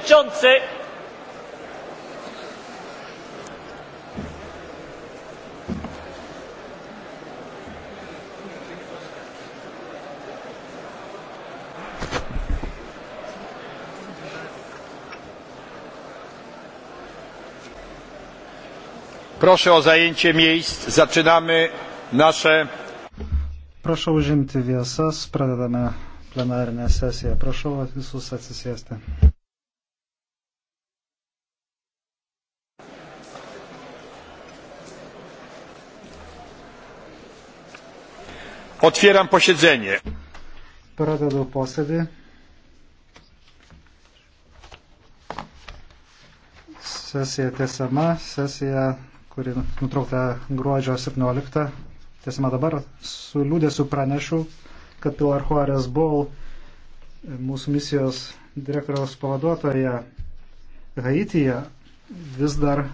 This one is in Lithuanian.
przewodniczący! Proszę o zajęcie miejsc. Zaczynamy nasze. Proszę užimti viesas, pradedame plenarinę sesiją. Prašau visus atsisėsti. Otwieram posiedzenie. Pradedu posėdį. Sesija tiesiama, sesija, kuri nutraukta gruodžio 17. Tiesiama dabar su liūdėsiu pranešu, kad Pilar Juarez Bol, mūsų misijos direktoriaus pavaduotoja Haityje, vis dar